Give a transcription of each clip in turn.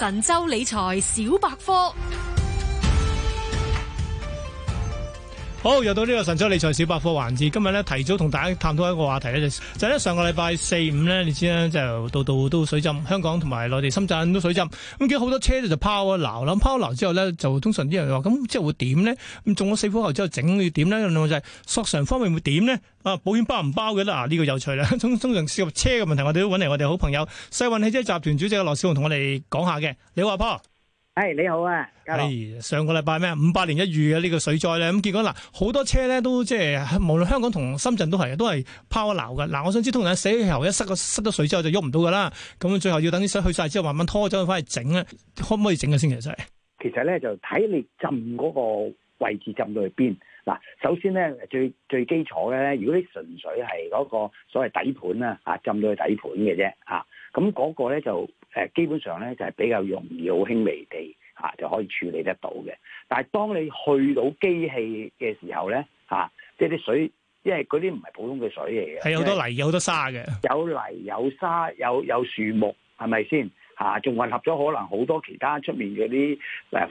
神州理財小百科。好又到呢個神州理財小百科環節，今日咧提早同大家探討一個話題咧，就就是、咧上個禮拜四五咧，你知啦，就到度都水浸，香港同埋內地深圳都水浸，咁見好多車就拋咗錨啦，拋錨之後咧就通常啲人話咁、嗯、即係會點咧？咁中咗死火後之後整要點咧、嗯？就係、是、索償方面會點咧？啊，保險包唔包嘅啦？呢、啊這個有趣啦。通常涉及車嘅問題，我哋都揾嚟我哋好朋友世運汽車集團主席嘅羅少雄同我哋講下嘅，你好啊、啊。Paul? 係你好啊，hey, 油上個禮拜咩？五百年一遇嘅呢個水災咧，咁結果嗱，好多車咧都即係無論香港同深圳都係，都係拋流噶。嗱、啊，我想知通常死油一塞個塞咗水之後就喐唔到噶啦，咁最後要等啲水去曬之後慢慢拖走佢翻去整咧，可唔可以整啊？先其實呢，其實咧就睇你浸嗰個位置浸到去邊嗱。首先咧最最基礎嘅咧，如果你純粹係嗰個所謂底盤啊，啊浸到去底盤嘅啫啊，咁、那、嗰個咧就誒基本上咧就係比較容易好輕微地。啊，就可以處理得到嘅。但係當你去到機器嘅時候咧，嚇、啊，即係啲水，因為嗰啲唔係普通嘅水嚟嘅，係好多泥，有好多沙嘅，有泥有沙有有樹木，係咪先？嚇、啊，仲混合咗可能好多其他出面嗰啲誒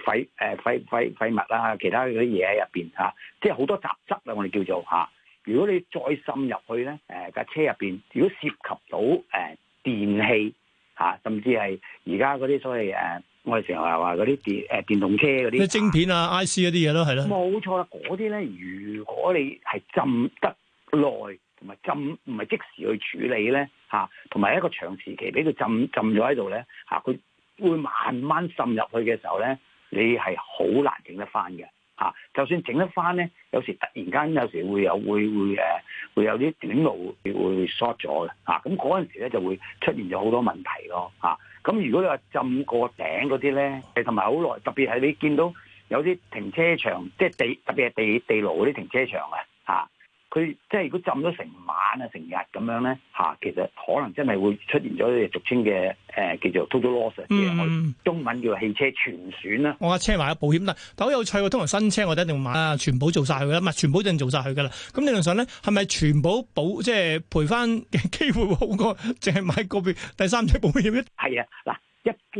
廢誒廢廢廢物啦、啊，其他嗰啲嘢喺入邊嚇，即係好多雜質啦，我哋叫做嚇、啊。如果你再滲入去咧，誒、啊、架車入邊，如果涉及到誒、啊、電器。嚇，甚至係而家嗰啲所謂誒、啊，我哋成日話嗰啲電誒、啊、電動車嗰啲，啲、啊、晶片啊、IC 嗰啲嘢咯，係咯，冇錯啦。嗰啲咧，如果你係浸得耐，同埋浸唔係即時去處理咧，嚇、啊，同埋一個長時期俾佢浸浸咗喺度咧，嚇、啊，佢會慢慢滲入去嘅時候咧，你係好難整得翻嘅。嚇、啊，就算整得翻咧，有時突然間有時會有會會誒，呃會有啲短路會 short 咗嘅，啊，咁嗰陣時咧就會出現咗好多問題咯，啊，咁如果你話浸過頂嗰啲咧，誒同埋好耐，特別係你見到有啲停車場，即係地特別係地地牢嗰啲停車場啊。佢即係如果浸咗成晚啊，成日咁樣咧嚇，其實可能真係會出現咗啲俗稱嘅誒，呃，叫做 total loss，嗯、中文叫汽車全損啦。我架車買咗保險啦，但係好有趣喎，通常新車我哋一定買啊，全保全都做晒佢啦，唔係全部一定做晒佢噶啦。咁理論上咧，係咪全部保即係賠翻嘅機會好過淨係買個別第三者保險咧？係啊，嗱，啊。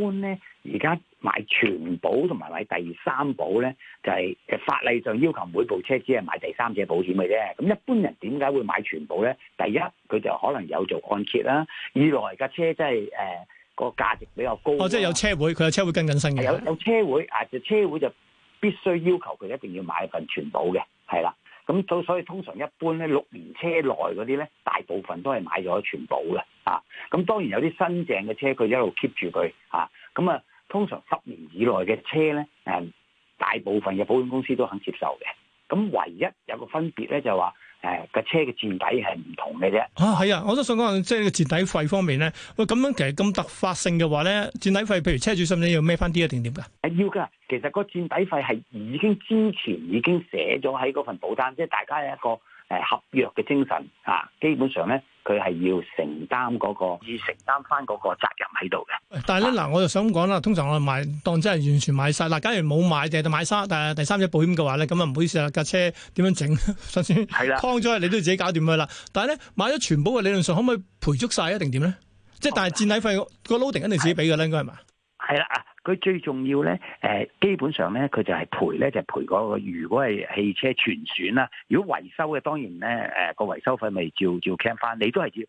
一般咧，而家買全保同埋買第三保咧，就係、是、誒法例上要求每部車只係買第三者保險嘅啫。咁一般人點解會買全保咧？第一，佢就可能有做按揭啦，二來架車真係誒個價值比較高。哦，即係有車會，佢、啊、有車會跟緊新嘅。有有車會啊，就車會就必須要求佢一定要買份全保嘅，係啦。咁所以通常一般咧六年車內嗰啲咧，大部分都係買咗全保嘅啊。咁當然有啲新淨嘅車，佢一路 keep 住佢啊。咁啊，通常十年以內嘅車咧，誒、啊、大部分嘅保險公司都肯接受嘅。咁唯一有個分別咧，就係、是、話。誒，個車嘅墊底係唔同嘅啫。啊，係啊，我都想講，即係個墊底費方面咧。喂，咁樣其實咁突發性嘅話咧，墊底費，譬如車主，使唔使要孭翻啲一定點噶？啊，要噶。其實個墊底費係已經之前已經寫咗喺嗰份保單，即係大家有一個誒合約嘅精神啊。基本上咧。佢係要承擔嗰、那個，要承擔翻嗰個責任喺度嘅。但係咧嗱，啊、我就想講啦，通常我哋買當真係完全買晒啦。假如冇買定買三但係第三者保險嘅話咧，咁啊，唔好意思啦，架車點樣整？首先係啦，碰咗你都自己搞掂佢啦。的但係咧買咗全保嘅理論上，可唔可以賠足晒一定點咧？即係的但係賠禮費的個 loading，一定自己俾㗎啦，應該係嘛？係啦。的佢最重要咧，誒基本上咧，佢就係賠咧，就係、賠嗰、嗰個。如果係汽車全損啦，如果維修嘅當然咧，誒、呃、個維修費咪照照 claim 翻，你都係要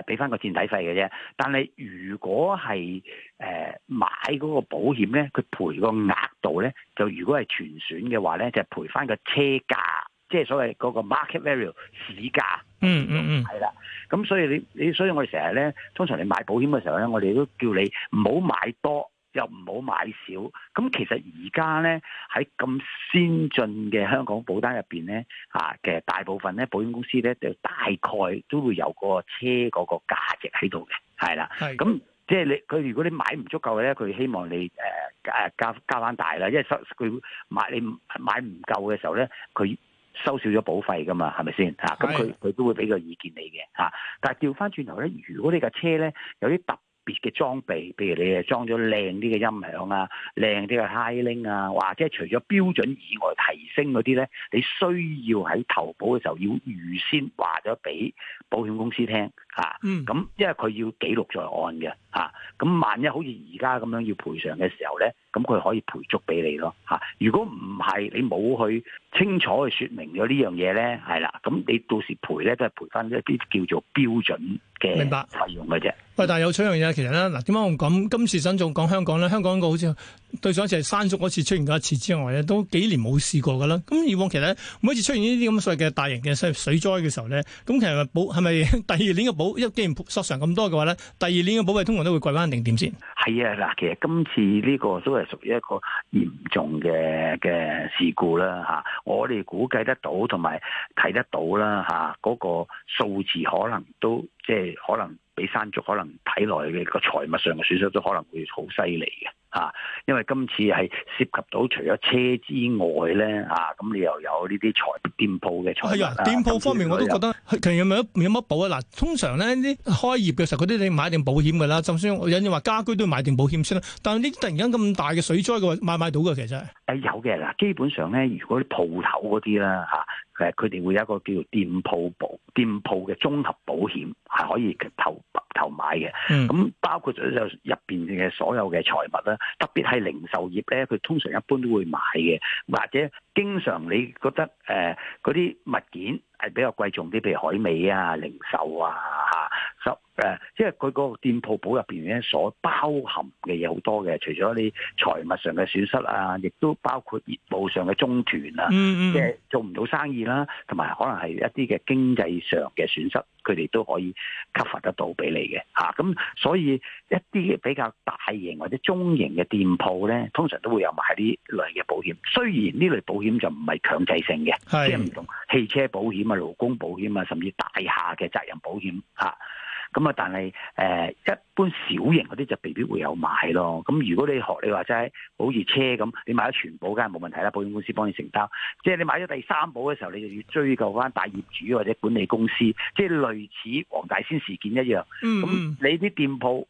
係俾翻個墊底費嘅啫。但係如果係誒、呃、買嗰個保險咧，佢賠個額度咧，就如果係全損嘅話咧，就賠翻個車價，即、就、係、係、所謂嗰個 market value 市價。嗯嗯嗯，係啦。咁所以你你所以我哋成日咧，通常你買保險嘅時候咧，我哋都叫你唔好買多。又唔好買少，咁其實而家咧喺咁先進嘅香港保單入邊咧，啊嘅大部分咧，保險公司咧，就大概都會有個車嗰個價值喺度嘅，係啦。咁的、嗯、即係你佢如果你買唔足夠咧，佢希望你誒誒加加翻大啦，因為收佢買你買唔夠嘅時候咧，佢收少咗保費噶嘛，係咪先啊？咁佢佢都會俾個意見你嘅，嚇、啊。但係調翻轉頭咧，如果你架車咧有啲特別嘅裝備，譬如你係裝咗靚啲嘅音響啊、靚啲嘅 highling 啊，或者除咗標準以外提升嗰啲咧，你需要喺投保嘅時候要預先話咗俾保險公司聽啊。咁因為佢要記錄在案嘅啊，咁萬一好似而家咁樣要賠償嘅時候咧。咁佢可以賠足俾你咯，嚇、啊。如果唔係你冇去清楚去説明咗呢樣嘢咧，係啦，咁你到時賠咧都係賠翻一啲叫做標準嘅費用嘅啫。喂白，嗯、但係有取樣嘢，其實咧嗱，點解我咁？今次沈總講香港咧？香港個好似對上一次係山竹嗰次出現過一次之外咧，都幾年冇試過噶啦。咁以往其實呢每一次出現呢啲咁所謂嘅大型嘅水水災嘅時候咧，咁其實保係咪第二年嘅保一既然索償咁多嘅話咧，第二年嘅保費通常都會貴翻定點先？係啊，嗱，其實今次呢個都係。屬於一個嚴重嘅嘅事故啦吓，啊，我哋估計得到同埋睇得到啦吓，嗰個數字可能都。即係可能俾山族可能體內嘅個財物上嘅損失都可能會好犀利嘅嚇。因為今次係涉及到除咗車之外咧嚇，咁、啊、你又有呢啲財店鋪嘅。係啊，店鋪方面我都覺得，啊、其實有冇有乜保啊？嗱，通常咧啲開業嘅時候，嗰啲你買定保險㗎啦。就算有引言話家居都買定保險先啦。但係呢突然間咁大嘅水災嘅話，買唔買到㗎？其實誒有嘅嗱，基本上咧，如果啲鋪頭嗰啲啦嚇。啊誒，佢哋會有一個叫做店鋪保、店鋪嘅綜合保險，係可以投投買嘅。咁、嗯、包括咗入入邊嘅所有嘅財物啦，特別係零售業咧，佢通常一般都會買嘅。或者經常你覺得誒嗰啲物件係比較貴重啲，譬如海味啊、零售啊。誒、嗯嗯，即係佢個店鋪簿，入邊咧，所包含嘅嘢好多嘅，除咗你財物上嘅損失啊，亦都包括業務上嘅中斷啊，嗯嗯，即係做唔到生意啦、啊，同埋可能係一啲嘅經濟上嘅損失，佢哋都可以 cover 得到俾你嘅吓。咁、啊、所以一啲比較大型或者中型嘅店鋪咧，通常都會有買呢類嘅保險。雖然呢類保險就唔係強制性嘅，即係唔同汽車保險啊、勞工保險啊，甚至大廈嘅責任保險吓。啊咁啊，但係誒、呃、一般小型嗰啲就未必，必會有買咯。咁如果你學你話齋，好似車咁，你買咗全保梗係冇問題啦，保險公司幫你承擔。即係你買咗第三保嘅時候，你就要追究翻大業主或者管理公司。即係類似黃大仙事件一樣。咁、嗯、你啲店鋪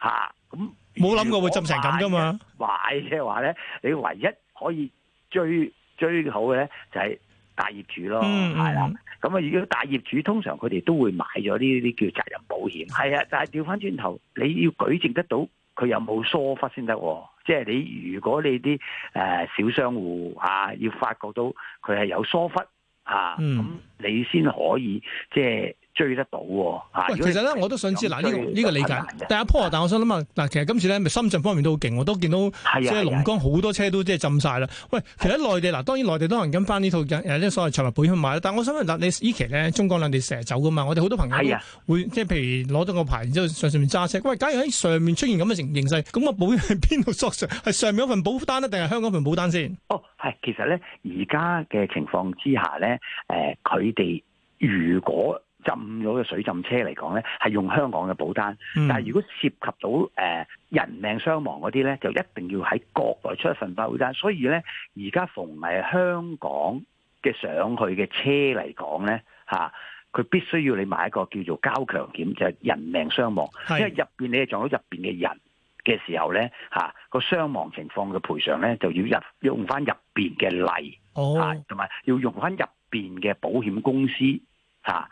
嚇，咁冇諗過會浸成咁噶嘛？買嘅話咧，你唯一可以追追好嘅咧就係、是。大業主咯，係啦、嗯，咁啊，如果大業主通常佢哋都會買咗呢啲叫責任保險，係啊，但係調翻轉頭，你要舉證得到佢有冇疏忽先得喎，即係你如果你啲誒、呃、小商戶啊，要發覺到佢係有疏忽啊，咁、嗯、你先可以即係。追得到喎、哦，其實咧我都想知，嗱呢、呢個呢、呢個理解，第一波但我想諗啊，嗱，其實今次咧，咪深圳方面都好勁，我都見到，係啊，即係龍崗好多車都即係浸晒啦。的喂，其實喺內地嗱的，當然內地都能跟翻呢套嘅所謂財物保險買啦。但係我想問，嗱，你依期咧，中港兩地成日走噶嘛？我哋好多朋友係啊，的會即係譬如攞咗個牌，然之後上上面揸車。喂，假如喺上面出現咁嘅形形勢，咁個保險係邊度索償？係上面嗰份保單咧，定係香港份保單先？哦，係，其實咧，而家嘅情況之下咧，誒佢哋如果浸咗嘅水浸車嚟講咧，係用香港嘅保單。嗯、但係如果涉及到誒、呃、人命傷亡嗰啲咧，就一定要喺國內出一份保單。所以咧，而家逢係香港嘅上去嘅車嚟講咧，吓、啊，佢必須要你買一個叫做交強險，就係、是、人命傷亡。是因為入邊你係撞到入邊嘅人嘅時候咧，吓、啊、個傷亡情況嘅賠償咧，就要入用翻入邊嘅例，同埋要用翻入邊嘅保險公司。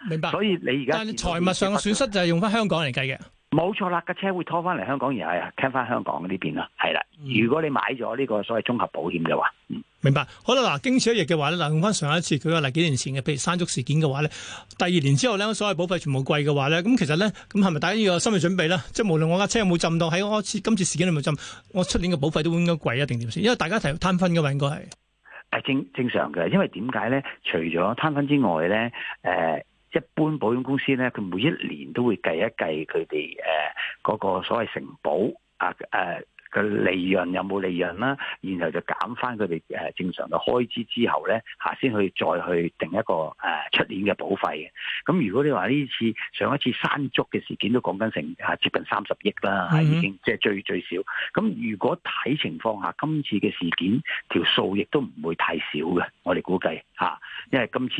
明白。所以你而家但財務上嘅損失就係用翻香港嚟計嘅，冇錯啦。架車會拖翻嚟香港，而係傾翻香港呢邊啦。係啦，如果你買咗呢個所謂綜合保險嘅話，嗯，明白。好啦，嗱，經此一役嘅話咧，嗱，用翻上一次佢話嗱幾年前嘅，譬如山竹事件嘅話咧，第二年之後咧，所謂保費全部貴嘅話咧，咁其實咧，咁係咪大家要有心理準備咧？即係無論我架車有冇浸到，喺我今次事件有冇浸，我出年嘅保費都應該貴一定點先？因為大家係攤分嘅話應該係。係正正常嘅，因為點解咧？除咗攤分之外咧，誒、呃，一般保險公司咧，佢每一年都會計一計佢哋誒嗰個所謂承保啊誒。呃呃佢利潤有冇利潤啦？然後就減翻佢哋誒正常嘅開支之後咧，嚇先去再去定一個誒出年嘅保費嘅。咁如果你話呢次上一次山竹嘅事件都講緊成嚇、啊、接近三十億啦，嚇、啊、已經即係、就是、最最少。咁如果睇情況下，今次嘅事件條數亦都唔會太少嘅，我哋估計嚇、啊，因為今次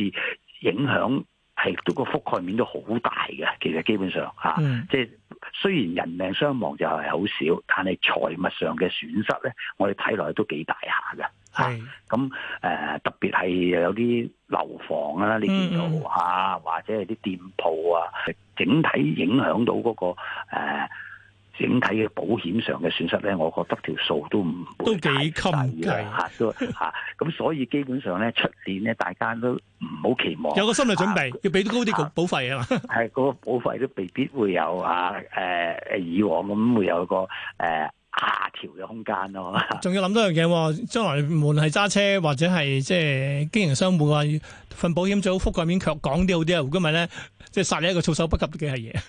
影響。係都個覆蓋面都好大嘅，其實基本上吓，即係雖然人命傷亡就係好少，但係財物上嘅損失咧，我哋睇落去都幾大下嘅㗎。咁誒是特別係有啲樓房啦，呢邊度吓，嗯嗯或者係啲店鋪啊，整體影響到嗰、嗰個、呃整體嘅保險上嘅損失咧，我覺得條數都幾襟嘅、啊、都嚇咁，啊 啊、所以基本上咧出年咧，大家都唔好期望，有個心理準備，啊、要俾高啲嘅保費啊嘛。係、啊、嗰、 啊嗰個保費都未必會有啊誒誒、啊，以往咁會有個誒下、啊啊、調嘅空間咯、啊。仲要諗多樣嘢喎，將來無論係揸車或者係即係經營商戶啊，份保險最好覆蓋面卻廣啲好啲啊。如果唔係咧，即、就、係、是、殺你一個措手不及嘅幾係嘢。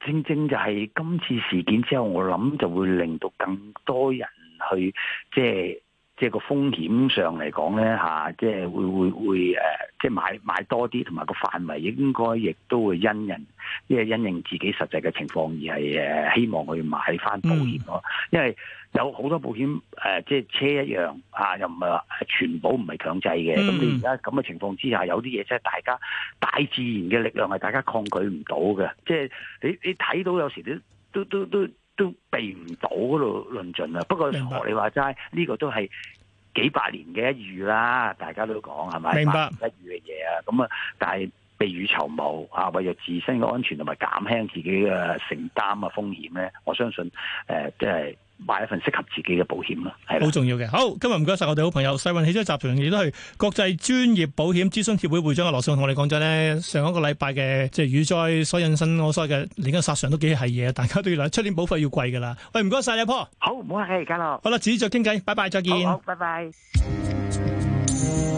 正正就係今次事件之後，我諗就會令到更多人去，即係即係個風險上嚟講呢，嚇，即係會會會誒。即係買買多啲，同埋個範圍應該亦都會因人，即係因應自己實際嘅情況而係誒，希望去買翻保險咯。嗯、因為有好多保險誒，即、呃、係、就是、車一樣啊，又唔係話全保唔係強制嘅。咁、嗯、你而家咁嘅情況之下，有啲嘢即係大家，大自然嘅力量係大家抗拒唔到嘅。即、就、係、是、你你睇到有時都都都都都避唔到，嗰度論盡啦。不過學你話齋呢個都係。幾百年嘅一遇啦，大家都講係咪？明白。百年一遇嘅嘢啊，咁啊，但係未雨綢繆啊，為咗自身嘅安全同埋減輕自己嘅承擔啊風險咧，我相信誒，即、呃、係。就是買一份適合自己嘅保險啦，係好重要嘅。好，今日唔該晒我哋好朋友世運汽車集團亦都係國際專業保險諮詢協會會長嘅羅少雄同我哋講真咧，上一個禮拜嘅即係雨災所引申我所謂嘅連日殺傷都幾係嘢，大家都要出年保費要貴噶啦。喂，唔該晒你阿婆。好唔好客氣啊？而家樂。好啦，至於再傾偈，拜拜，再見。好，好，拜拜。